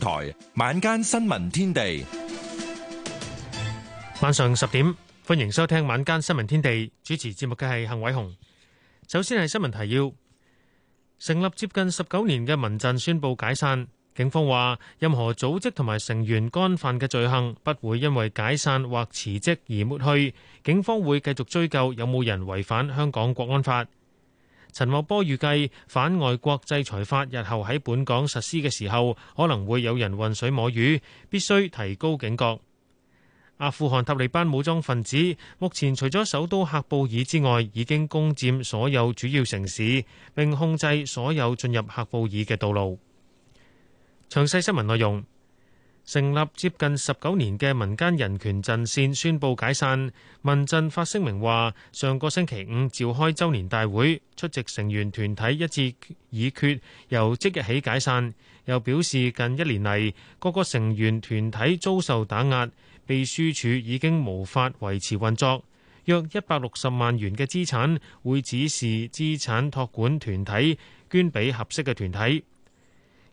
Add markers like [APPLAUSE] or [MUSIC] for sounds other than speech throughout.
台晚間新聞天地，晚上十點，歡迎收聽晚間新聞天地。主持節目嘅係幸偉雄。首先係新聞提要：成立接近十九年嘅民陣宣布解散，警方話任何組織同埋成員干犯嘅罪行不會因為解散或辭職而抹去，警方會繼續追究有冇人違反香港國安法。陳茂波預計反外國制裁法日後喺本港實施嘅時候，可能會有人渾水摸魚，必須提高警覺。阿富汗塔利班武裝分子目前除咗首都喀布爾之外，已經攻佔所有主要城市，並控制所有進入喀布爾嘅道路。詳細新聞內容。成立接近十九年嘅民間人權陣線宣布解散，民陣發聲明話：上個星期五召開周年大會，出席成員團體一致議決由即日起解散。又表示近一年嚟，各個成員團體遭受打壓，秘書處已經無法維持運作，約一百六十萬元嘅資產會指示資產託管團體捐俾合適嘅團體。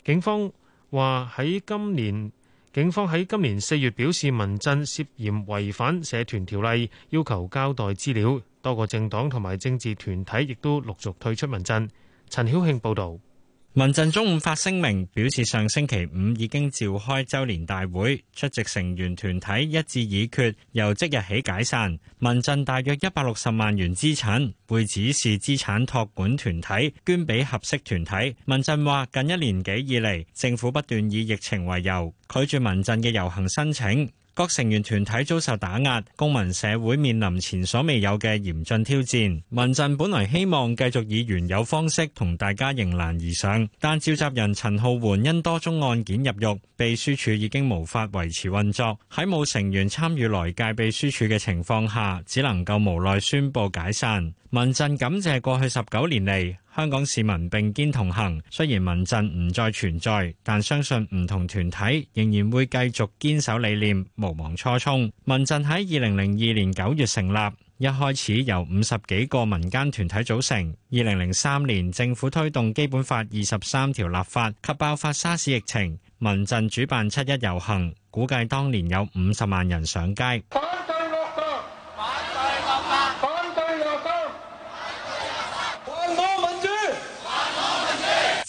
警方話喺今年。警方喺今年四月表示，民陣涉嫌違反社團條例，要求交代資料。多個政黨同埋政治團體亦都陸續退出民陣。陳曉慶報道。民陣中午發聲明表示，上星期五已經召開周年大會，出席成員團體一致議決，由即日起解散。民陣大約一百六十萬元資產會指示資產託管團體捐俾合適團體。民陣話，近一年幾以嚟，政府不斷以疫情為由，拒絕民陣嘅遊行申請。各成員團體遭受打壓，公民社會面臨前所未有嘅嚴峻挑戰。民陣本來希望繼續以原有方式同大家迎難而上，但召集人陳浩桓因多宗案件入獄，秘書處已經無法維持運作。喺冇成員參與來屆秘書處嘅情況下，只能夠無奈宣布解散。民陣感謝過去十九年嚟香港市民並肩同行，雖然民陣唔再存在，但相信唔同團體仍然會繼續堅守理念，無忘初衷。民陣喺二零零二年九月成立，一開始由五十幾個民間團體組成。二零零三年政府推動基本法二十三條立法及爆發沙士疫情，民陣主辦七一遊行，估計當年有五十萬人上街。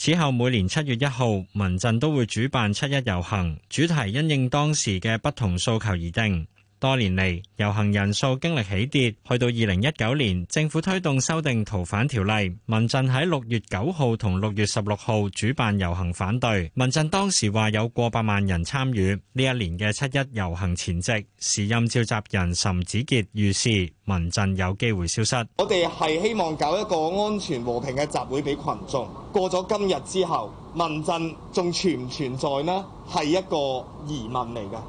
此後每年七月一號，民陣都會主辦七一遊行，主題因應當時嘅不同訴求而定。多年嚟，遊行人數經歷起跌，去到二零一九年，政府推動修訂逃犯條例，民陣喺六月九號同六月十六號主辦遊行反對。民陣當時話有過百萬人參與。呢一年嘅七一遊行前夕，時任召集人岑子傑預示，民陣有機會消失。我哋係希望搞一個安全和平嘅集會俾群眾。過咗今日之後，民陣仲存唔存在呢？係一個疑問嚟㗎。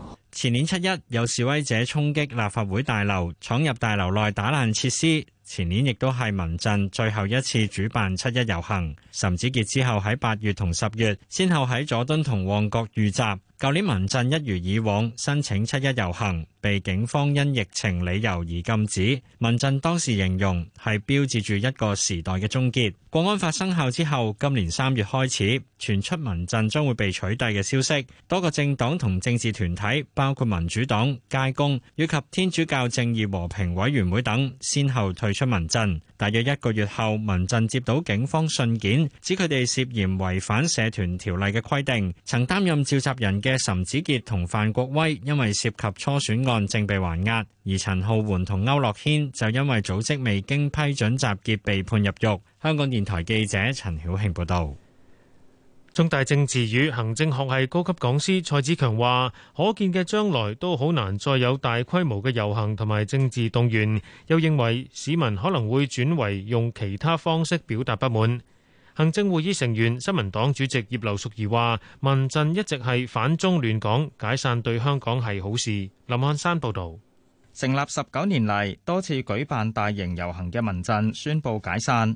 前年七一有示威者衝擊立法會大樓闖入大樓內打爛設施。前年亦都係民陣最後一次主辦七一遊行。岑子杰之後喺八月同十月，先後喺佐敦同旺角遇襲。舊年民陣一如以往申請七一遊行，被警方因疫情理由而禁止。民陣當時形容係標誌住一個時代嘅終結。國安法生效之後，今年三月開始傳出民陣將會被取締嘅消息。多個政黨同政治團體，包括民主黨、街工以及天主教正義和平委員會等，先後退出民陣。大約一個月後，民陣接到警方信件，指佢哋涉嫌違反社團條例嘅規定，曾擔任召集人嘅嘅岑子杰同范國威因為涉及初選案正被還押，而陳浩桓同歐樂軒就因為組織未經批准集結被判入獄。香港電台記者陳曉慶報道。中大政治與行政學系高級講師蔡子強話，可見嘅將來都好難再有大規模嘅遊行同埋政治動員。又認為市民可能會轉為用其他方式表達不滿。行政會議成員、新民黨主席葉劉淑儀話：民陣一直係反中亂港，解散對香港係好事。林漢山報導。成立十九年嚟，多次舉辦大型遊行嘅民陣，宣布解散。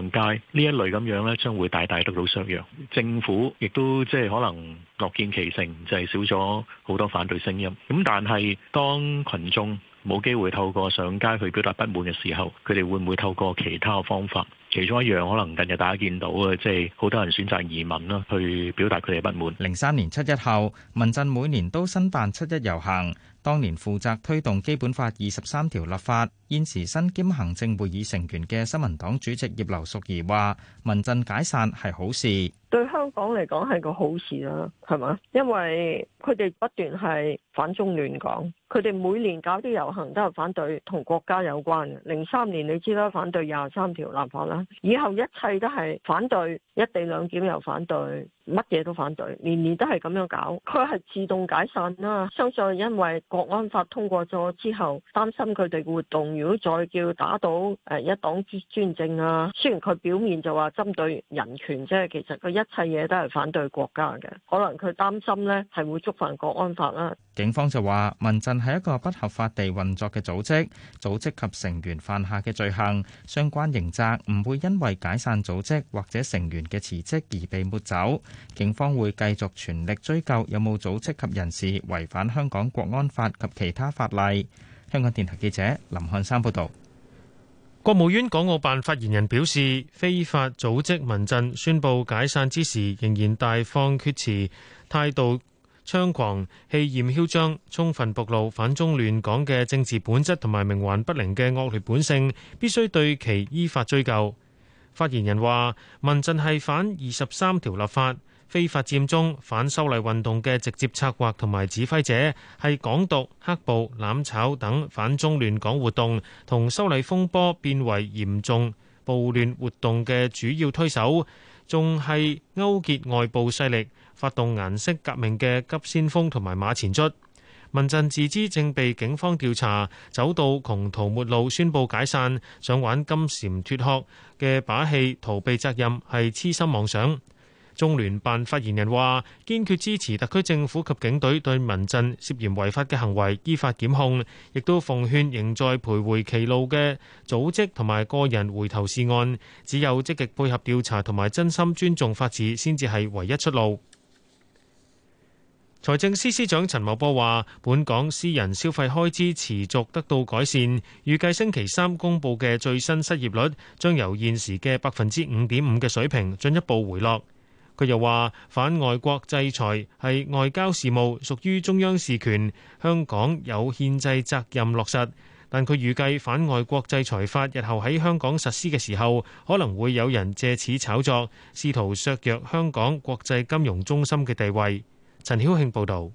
上街呢一類咁樣呢，將會大大得到削弱。政府亦都即係可能樂見其成，就係少咗好多反對聲音。咁但係當群眾冇機會透過上街去表達不滿嘅時候，佢哋會唔會透過其他方法？其中一樣可能近日大家見到嘅，即係好多人選擇移民啦，去表達佢哋不滿。零三年七一後，民陣每年都申辦七一遊行。當年負責推動基本法二十三條立法、現時身兼行政會議成員嘅新民黨主席葉劉淑儀話：民陣解散係好事，對香港嚟講係個好事啦，係嘛？因為佢哋不斷係反中亂港，佢哋每年搞啲遊行都係反對同國家有關嘅。零三年你知啦，反對廿三條立法啦。以後一切都係反對，一地兩檢又反對，乜嘢都反對，年年都係咁樣搞。佢係自動解散啦，相信因為國安法通過咗之後，擔心佢哋嘅活動，如果再叫打倒誒一黨專專政啊，雖然佢表面就話針對人權啫，其實佢一切嘢都係反對國家嘅，可能佢擔心呢係會觸犯國安法啦。警方就話，民陣係一個不合法地運作嘅組織，組織及成員犯下嘅罪行，相關刑責唔。會因為解散組織或者成員嘅辭職而被抹走，警方會繼續全力追究有冇組織及人士違反香港國安法及其他法例。香港電台記者林漢山報道。國務院港澳辦發言人表示，非法組織民陣宣布解散之時，仍然大放厥詞，態度。猖狂、氣焰囂張，充分暴露反中亂港嘅政治本質同埋冥頑不靈嘅惡劣本性，必須對其依法追究。發言人話：民陣係反二十三條立法、非法佔中、反修例運動嘅直接策劃同埋指揮者，係港獨、黑暴、攬炒等反中亂港活動同修例風波變為嚴重暴亂活動嘅主要推手，仲係勾結外部勢力，發動顏色革命嘅急先鋒同埋馬前卒，民陣自知正被警方調查，走到窮途末路，宣布解散，想玩金蟬脱殼嘅把戲，逃避責任係痴心妄想。中聯辦發言人話：堅決支持特區政府及警隊對民陣涉嫌違法嘅行為依法檢控，亦都奉勸仍在徘徊歧路嘅組織同埋個人回頭是岸，只有積極配合調查同埋真心尊重法治，先至係唯一出路。財政司司長陳茂波話，本港私人消費開支持續得到改善，預計星期三公布嘅最新失業率將由現時嘅百分之五點五嘅水平進一步回落。佢又話，反外國制裁係外交事務，屬於中央事權，香港有憲制責任落實。但佢預計反外國制裁法日後喺香港實施嘅時候，可能會有人借此炒作，試圖削弱香港國際金融中心嘅地位。陳曉慶報道。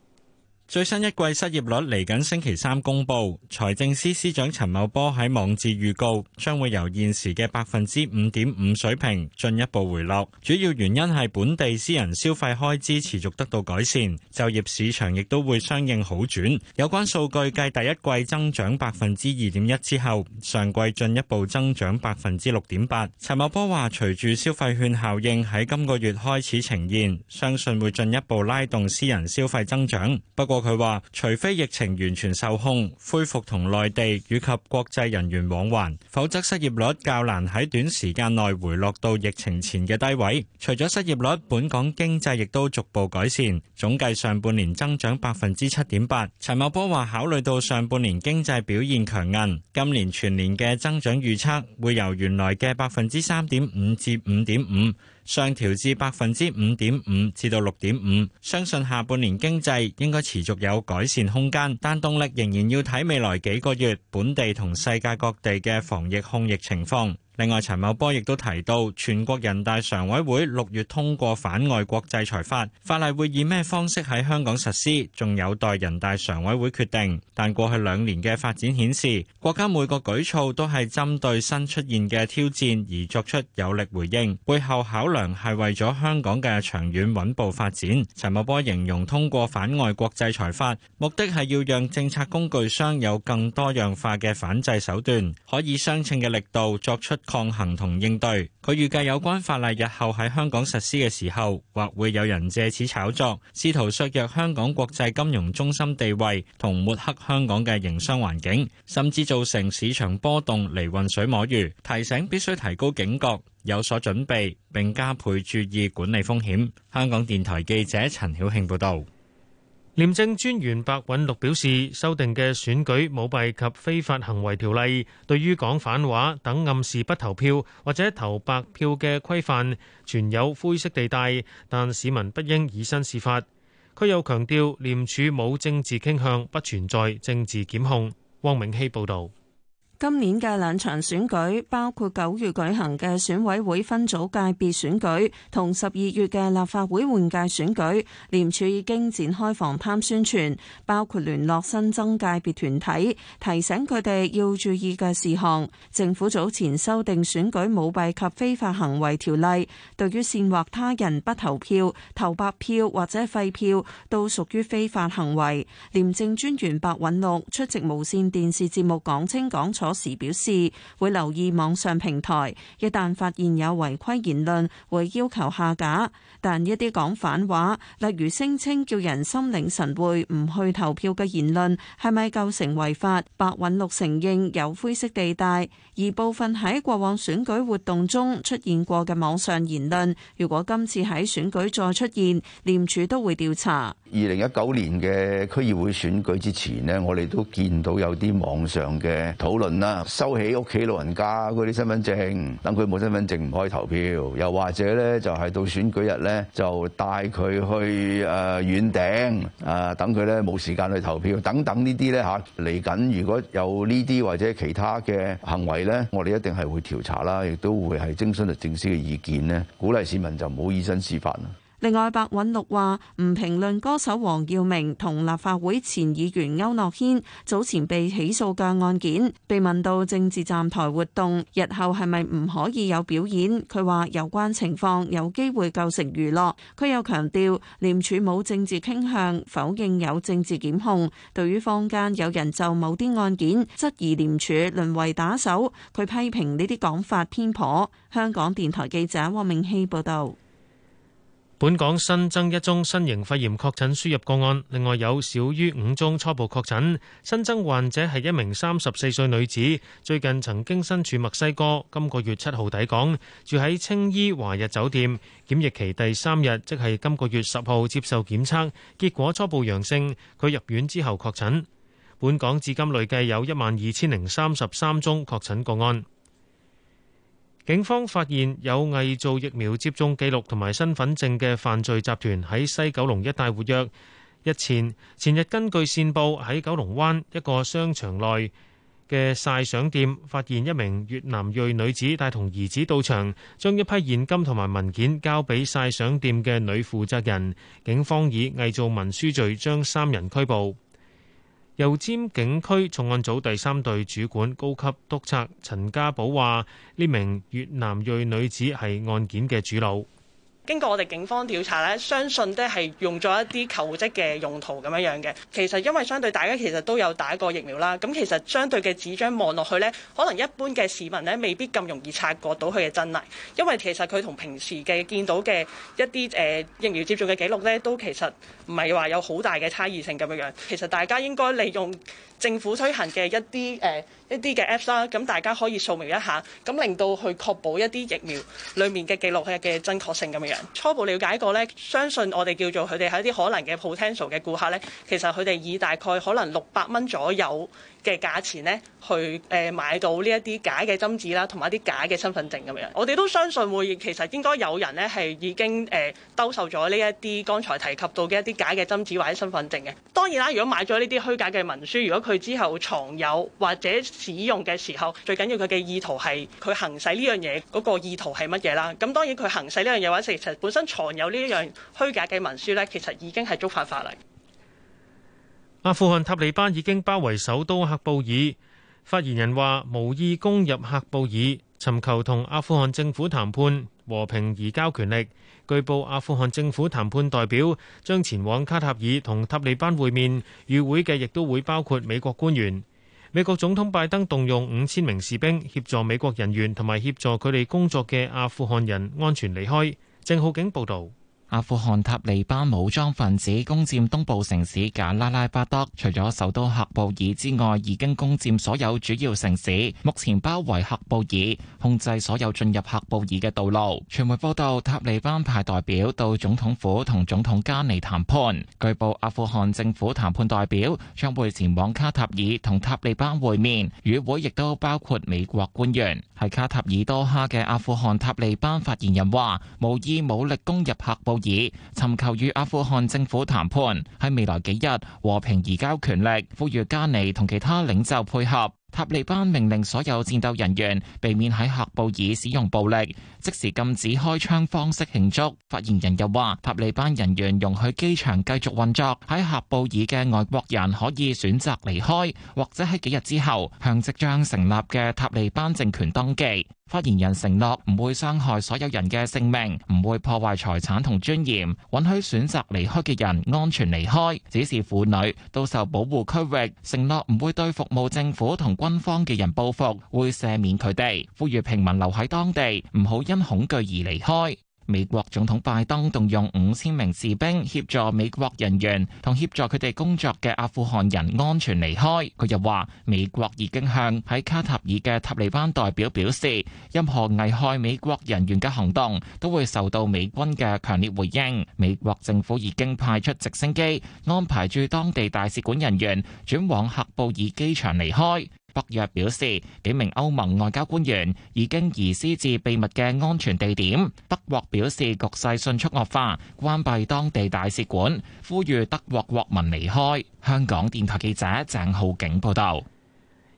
最新一季失業率嚟緊星期三公布，財政司司長陳茂波喺網誌預告，將會由現時嘅百分之五點五水平進一步回落，主要原因係本地私人消費開支持續得到改善，就業市場亦都會相應好轉。有關數據繼繼第一季增長百分之二點一之後，上季進一步增長百分之六點八。陳茂波話，隨住消費券效應喺今個月開始呈現，相信會進一步拉動私人消費增長。不過，佢話除非疫情完全受控，恢復同內地以及國際人員往還，否則失業率較難喺短時間內回落到疫情前嘅低位。除咗失業率，本港經濟亦都逐步改善，總計上半年增長百分之七點八。陳茂波話，考慮到上半年經濟表現強韌，今年全年嘅增長預測會由原來嘅百分之三點五至五點五，上調至百分之五點五至到六點五，相信下半年經濟應該持續有改善空間，但動力仍然要睇未來幾個月本地同世界各地嘅防疫控疫情況。另外，陳茂波亦都提到，全國人大常委會六月通過反外國制裁法，法例會以咩方式喺香港實施，仲有待人大常委會決定。但過去兩年嘅發展顯示，國家每個舉措都係針對新出現嘅挑戰而作出有力回應，背後考量係為咗香港嘅長遠穩步發展。陳茂波形容通過反外國制裁法，目的係要讓政策工具箱有更多樣化嘅反制手段，可以相稱嘅力度作出。抗衡同應對，佢預計有關法例日後喺香港實施嘅時候，或會有人藉此炒作，試圖削弱香港國際金融中心地位同抹黑香港嘅營商環境，甚至造成市場波動嚟混水摸魚。提醒必須提高警覺，有所準備並加倍注意管理風險。香港電台記者陳曉慶報道。廉政專員白韞六表示，修訂嘅選舉舞弊及非法行為條例，對於講反話等暗示不投票或者投白票嘅規範存有灰色地帶，但市民不應以身試法。佢又強調廉署冇政治傾向，不存在政治檢控。汪永熙報道。今年嘅兩場選舉，包括九月舉行嘅選委會分組界別選舉，同十二月嘅立法會換屆選舉，廉署已經展開防貪宣傳，包括聯絡新增界別團體，提醒佢哋要注意嘅事項。政府早前修訂《選舉舞弊及非法行為條例》，對於煽惑他人不投票、投白票或者廢票，都屬於非法行為。廉政專員白韞六出席無線電視節目《講清講楚》嗰時表示會留意網上平台，一旦發現有違規言論，會要求下架。但一啲講反話，例如聲稱叫人心領神會、唔去投票嘅言論，係咪構成違法？白韞六承認有灰色地帶，而部分喺過往選舉活動中出現過嘅網上言論，如果今次喺選舉再出現，廉署都會調查。二零一九年嘅區議會選舉之前呢，我哋都見到有啲網上嘅討論啦，收起屋企老人家嗰啲身份證，等佢冇身份證唔可以投票；又或者呢就係到選舉日呢，就帶佢去誒遠頂啊，等佢呢冇時間去投票等等呢啲呢嚇。嚟緊如果有呢啲或者其他嘅行為呢，我哋一定係會調查啦，亦都會係徵詢律政司嘅意見呢，鼓勵市民就唔好以身試法啦。另外，白韞六話唔評論歌手黃耀明同立法會前議員歐諾軒早前被起訴嘅案件。被問到政治站台活動，日後係咪唔可以有表演？佢話有關情況有機會構成娛樂。佢又強調廉署冇政治傾向，否認有政治檢控。對於坊間有人就某啲案件質疑廉署淪為打手，佢批評呢啲講法偏頗。香港電台記者黃明希報道。本港新增一宗新型肺炎確診輸入個案，另外有少於五宗初步確診。新增患者係一名三十四歲女子，最近曾經身處墨西哥，今個月七號抵港，住喺青衣華日酒店，檢疫期第三日，即係今個月十號接受檢測，結果初步陽性，佢入院之後確診。本港至今累計有一萬二千零三十三宗確診個案。警方發現有偽造疫苗接種記錄同埋身份證嘅犯罪集團喺西九龍一帶活躍。日前，前日根據線報，喺九龍灣一個商場內嘅晒相店，發現一名越南裔女子帶同兒子到場，將一批現金同埋文件交俾晒相店嘅女負責人。警方以偽造文書罪將三人拘捕。油尖警區重案組第三隊主管高級督察陳家寶話，呢名越南裔女子係案件嘅主腦。經過我哋警方調查咧，相信都係用咗一啲求職嘅用途咁樣樣嘅。其實因為相對大家其實都有打過疫苗啦，咁其實相對嘅紙張望落去呢，可能一般嘅市民咧未必咁容易察覺到佢嘅真偽，因為其實佢同平時嘅見到嘅一啲誒、呃、疫苗接種嘅記錄呢，都其實唔係話有好大嘅差異性咁樣樣。其實大家應該利用政府推行嘅一啲誒、呃、一啲嘅 apps 啦，咁大家可以掃描一下，咁令到去確保一啲疫苗裏面嘅記錄嘅嘅準確性咁樣，初步了解過呢，相信我哋叫做佢哋係一啲可能嘅 potential 嘅顧客呢，其實佢哋以大概可能六百蚊左右。嘅價錢咧，去誒、呃、買到呢一啲假嘅針紙啦，同埋一啲假嘅身份證咁樣。我哋都相信會，其實應該有人咧係已經誒、呃、兜售咗呢一啲剛才提及到嘅一啲假嘅針紙或者身份證嘅。當然啦，如果買咗呢啲虛假嘅文書，如果佢之後藏有或者使用嘅時候，最緊要佢嘅意圖係佢行使呢樣嘢嗰個意圖係乜嘢啦？咁當然佢行使呢樣嘢嘅話，或者其實本身藏有呢一樣虛假嘅文書咧，其實已經係觸犯法例。阿富汗塔利班已經包圍首都喀布爾，發言人話：無意攻入喀布爾，尋求同阿富汗政府談判和平移交權力。據報阿富汗政府談判代表將前往卡塔爾同塔利班會面，與會嘅亦都會包括美國官員。美國總統拜登動用五千名士兵協助美國人員同埋協助佢哋工作嘅阿富汗人安全離開。鄭浩景報導。阿富汗塔利班武裝分子攻佔東部城市賈拉拉巴德，除咗首都喀布爾之外，已經攻佔所有主要城市，目前包圍喀布爾，控制所有進入喀布爾嘅道路。傳媒報道，塔利班派代表到總統府同總統加尼談判，據報阿富汗政府談判代表將會前往卡塔爾同塔利班會面，與會亦都包括美國官員。喺卡塔爾多哈嘅阿富汗塔利班發言人話，無意武力攻入喀布爾，尋求與阿富汗政府談判，喺未來幾日和平移交權力，呼籲加尼同其他領袖配合。塔利班命令所有戰鬥人員避免喺喀布爾使用暴力，即時禁止開槍方式慶祝。發言人又話，塔利班人員容許機場繼續運作，喺喀布爾嘅外國人可以選擇離開，或者喺幾日之後向即將成立嘅塔利班政權登記。發言人承諾唔會傷害所有人嘅性命，唔會破壞財產同尊嚴，允許選擇離開嘅人安全離開。指示婦女到受保護區域，承諾唔會對服務政府同軍方嘅人報復，會赦免佢哋。呼籲平民留喺當地，唔好因恐懼而離開。美國總統拜登動用五千名士兵協助美國人員同協助佢哋工作嘅阿富汗人安全離開。佢又話，美國已經向喺卡塔爾嘅塔利班代表表示，任何危害美國人員嘅行動都會受到美軍嘅強烈回應。美國政府已經派出直升機安排駐當地大使館人員轉往喀布爾機場離開。北約表示，幾名歐盟外交官員已經移師至秘密嘅安全地點。德國表示局勢迅速惡化，關閉當地大使館，呼籲德國國民離開。香港電台記者鄭浩景報道。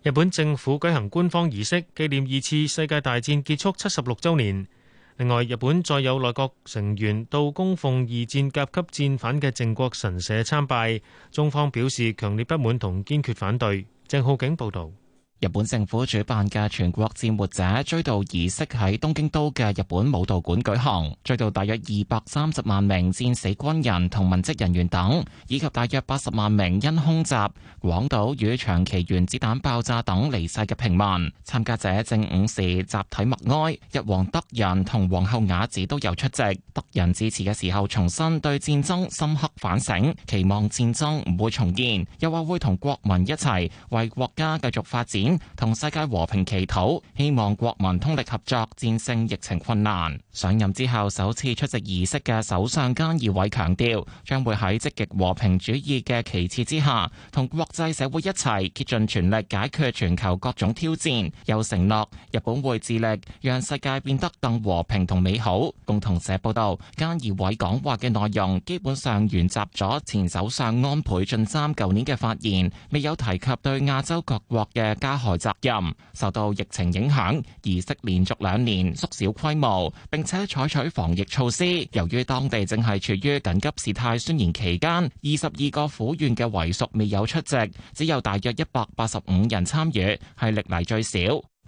日本政府舉行官方儀式，紀念二次世界大戰結束七十六周年。另外，日本再有內閣成員到供奉二戰甲級戰犯嘅靖國神社參拜。中方表示強烈不滿同堅決反對。鄭浩景報道。日本政府主辦嘅全國戰歿者追悼儀式喺東京都嘅日本武道館舉行，追悼大約二百三十萬名戰死軍人同文職人員等，以及大約八十萬名因空襲、廣島與長崎原子彈爆炸等離世嘅平民。參加者正午時集體默哀，日皇德仁同皇后雅子都有出席。德仁致辭嘅時候，重申對戰爭深刻反省，期望戰爭唔會重現，又話會同國民一齊為國家繼續發展。同世界和平祈禱，希望國民通力合作，戰勝疫情困難。上任之後首次出席儀式嘅首相菅義偉強調，將會喺積極和平主義嘅旗幟之下，同國際社會一齊竭盡全力解決全球各種挑戰。又承諾日本會致力讓世界變得更和平同美好。共同社報道，菅義偉講話嘅內容基本上沿襲咗前首相安倍晉三舊年嘅發言，未有提及對亞洲各國嘅加何責任。受到疫情影響，儀式連續兩年縮小規模，並且採取防疫措施。由於當地正係處於緊急事態宣言期間，二十二個府縣嘅遺屬未有出席，只有大約一百八十五人參與，係歷嚟最少。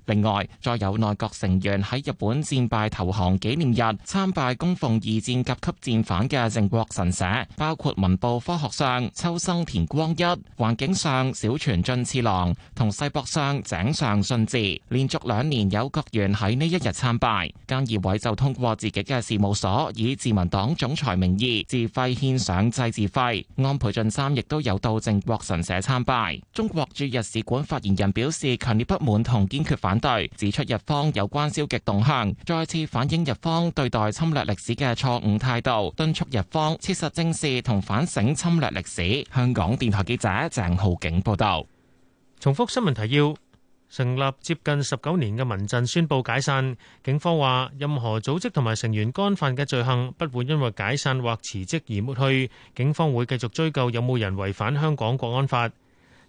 另外，再有內閣成員喺日本戰敗投降紀念日參拜供奉二戰甲級戰犯嘅靖國神社，包括文部科學相秋生田光一、環境相小泉進次郎同世博相井上信治，連續兩年有閣員喺呢一日參拜。菅義偉就通過自己嘅事務所以自民黨總裁名義自費獻上祭祀費。安倍晉三亦都有到靖國神社參拜。中國駐日使館發言人表示，強烈不滿同堅決反。對，指出日方有關消極動向，再次反映日方對待侵略歷史嘅錯誤態度，敦促日方切實正視同反省侵略歷史。香港電台記者鄭浩景報道。重複新聞提要：成立接近十九年嘅民陣宣布解散，警方話任何組織同埋成員干犯嘅罪行不會因為解散或辭職而抹去，警方會繼續追究有冇人違反香港國安法。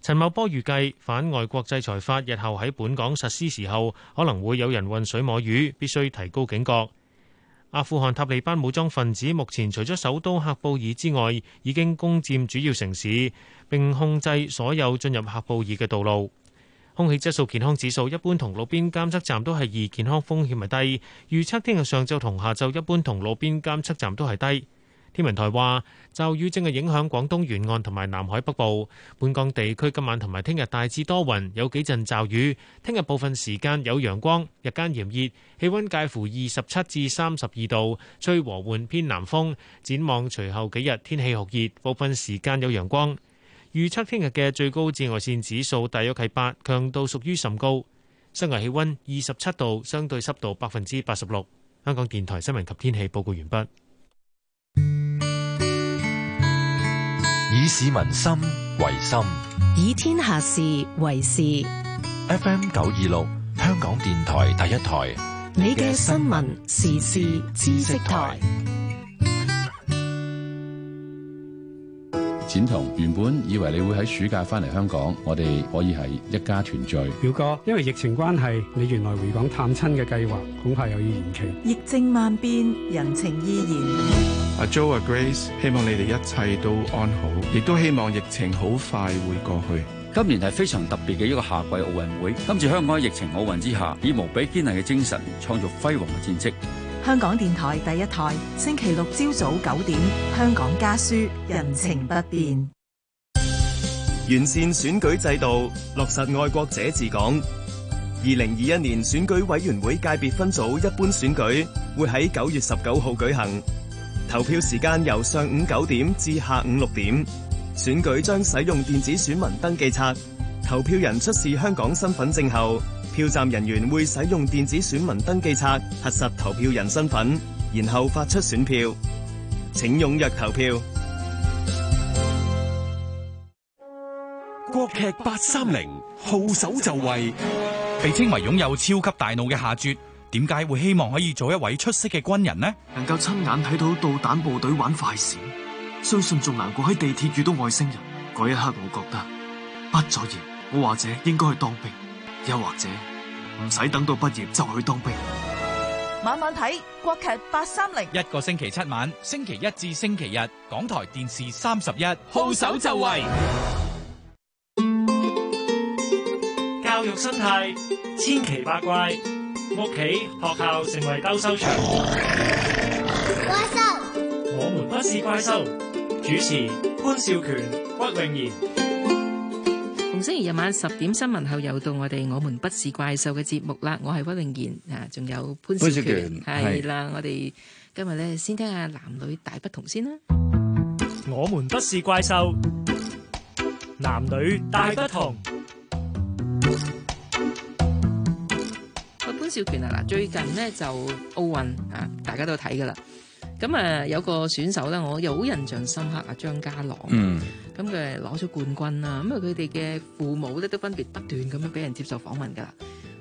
陳茂波預計反外國制裁法日後喺本港實施時候，可能會有人混水摸魚，必須提高警覺。阿富汗塔利班武裝分子目前除咗首都喀布爾之外，已經攻佔主要城市，並控制所有進入喀布爾嘅道路。空氣質素健康指數一般同路邊監測站都係二，健康風險係低。預測聽日上晝同下晝一般同路邊監測站都係低。天文台話，驟雨正係影響廣東沿岸同埋南海北部。本港地區今晚同埋聽日大致多雲，有幾陣驟雨。聽日部分時間有陽光，日間炎熱，氣温介乎二十七至三十二度，吹和緩偏南風。展望隨後幾日天氣酷熱，部分時間有陽光。預測聽日嘅最高紫外線指數大約係八，強度屬於甚高。室外氣温二十七度，相對濕度百分之八十六。香港電台新聞及天氣報告完畢。以市民心為心，以天下事為事。FM 九二六，香港電台第一台。你嘅新聞時事知識台。展彤，原本以為你會喺暑假翻嚟香港，我哋可以係一家團聚。表哥，因為疫情關係，你原來回港探親嘅計劃恐怕又要延期。疫症萬變，人情依然。阿 Jo 阿 Grace，希望你哋一切都安好，亦都希望疫情好快會過去。今年係非常特別嘅一個夏季奧運會。今次香港喺疫情奧運之下，以無比堅毅嘅精神，創造輝煌嘅戰績。香港電台第一台，星期六朝早九點，香港家書，人情不變。完善選舉制度，落實愛國者治港。二零二一年選舉委員會界別分組一般選舉會喺九月十九號舉行。投票時間由上午九點至下午六點，選舉將使用電子選民登記冊。投票人出示香港身份證後，票站人員會使用電子選民登記冊核實投票人身份，然後發出選票。請踴躍投票。國劇八三零號手就位，30, 被稱為擁有超級大腦嘅夏絕。點解會希望可以做一位出色嘅軍人呢？能夠親眼睇到導彈部隊玩快閃，相信仲難過喺地鐵遇到外星人。嗰一刻，我覺得畢咗業，我或者應該去當兵，又或者唔使等到畢業就去當兵。晚晚睇國劇八三零，一個星期七晚，星期一至星期日，港台電視三十一，號手就位。教育生態千奇百怪。屋企、學校成為鬥獸場，怪獸。我們不是怪獸。主持潘少權，屈穎妍。逢星期日晚十點新聞後，又到我哋《我們不是怪獸》嘅節目啦。我係屈穎妍啊，仲有潘少權。係啦，我哋今日咧先聽下男女大不同先啦。我們不是怪獸，男女大不同。少權啊嗱，最近咧就奧運啊，大家都睇噶啦。咁啊，有個選手咧，我又好印象深刻啊，張家朗。嗯。咁佢攞咗冠軍啦。咁啊，佢哋嘅父母咧都分別不斷咁樣俾人接受訪問噶啦。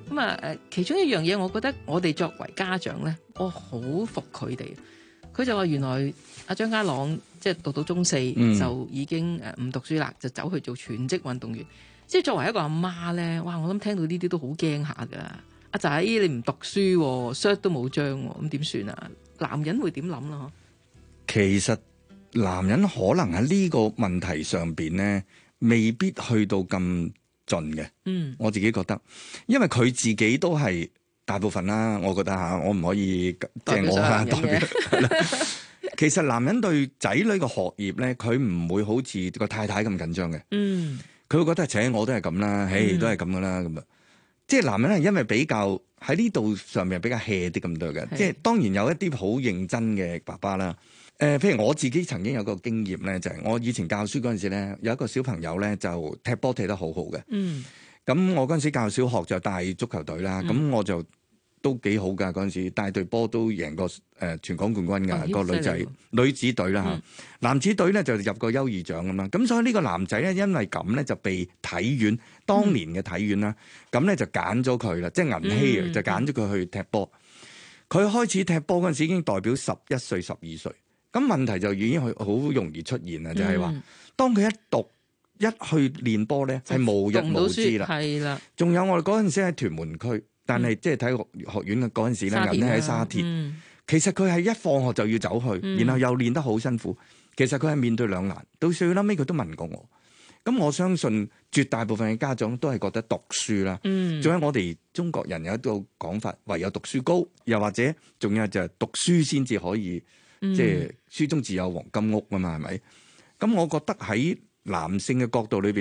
咁啊，誒，其中一樣嘢，我覺得我哋作為家長咧，我好服佢哋。佢就話原來阿張家朗即係、就是、讀到中四、嗯、就已經誒唔讀書啦，就走去做全職運動員。即係作為一個阿媽咧，哇！我諗聽到呢啲都好驚嚇噶。阿仔，你唔讀書，shot 都冇張，咁點算啊？男人會點諗咯？其實男人可能喺呢個問題上邊咧，未必去到咁盡嘅。嗯，我自己覺得，因為佢自己都係大部分啦。我覺得吓，我唔可以即係我代表，代表。代表 [LAUGHS] [LAUGHS] 其實男人對仔女嘅學業咧，佢唔會好似個太太咁緊張嘅。嗯，佢會覺得，姐我都係咁啦，嘿、嗯，hey, 都係咁噶啦，咁啊。即係男人咧，因為比較喺呢度上面比較 hea 啲咁多嘅，是即係當然有一啲好認真嘅爸爸啦。誒、呃，譬如我自己曾經有個經驗咧，就係、是、我以前教書嗰陣時咧，有一個小朋友咧就踢波踢得好好嘅。嗯，咁我嗰陣時教小學就帶足球隊啦，咁我就。嗯都幾好噶，嗰陣時，帶隊波都贏過誒全港冠軍噶、oh, 個女仔女子隊啦嚇，嗯、男子隊咧就入過優異獎咁啦。咁所以呢個男仔咧，因為咁咧就被體院當年嘅體院啦，咁咧、嗯、就揀咗佢啦，即係銀禧啊，就揀咗佢去踢波。佢、嗯、開始踢波嗰陣時已經代表十一歲、十二歲，咁問題就已經好容易出現啦，嗯、就係話當佢一讀一去練波咧，係、嗯、無日無之啦。係啦，仲有我哋嗰陣時喺屯門區。但係、嗯、即係體育學院嘅陣時咧、啊、人咧喺沙田。嗯、其實佢係一放學就要走去，嗯、然後又練得好辛苦。其實佢係面對兩難，到最拉尾佢都問過我。咁我相信絕大部分嘅家長都係覺得讀書啦。仲、嗯、有我哋中國人有一個講法，唯有讀書高，又或者仲有就係讀書先至可以，即係、嗯、書中自有黃金屋啊嘛，係咪？咁我覺得喺男性嘅角度裏邊。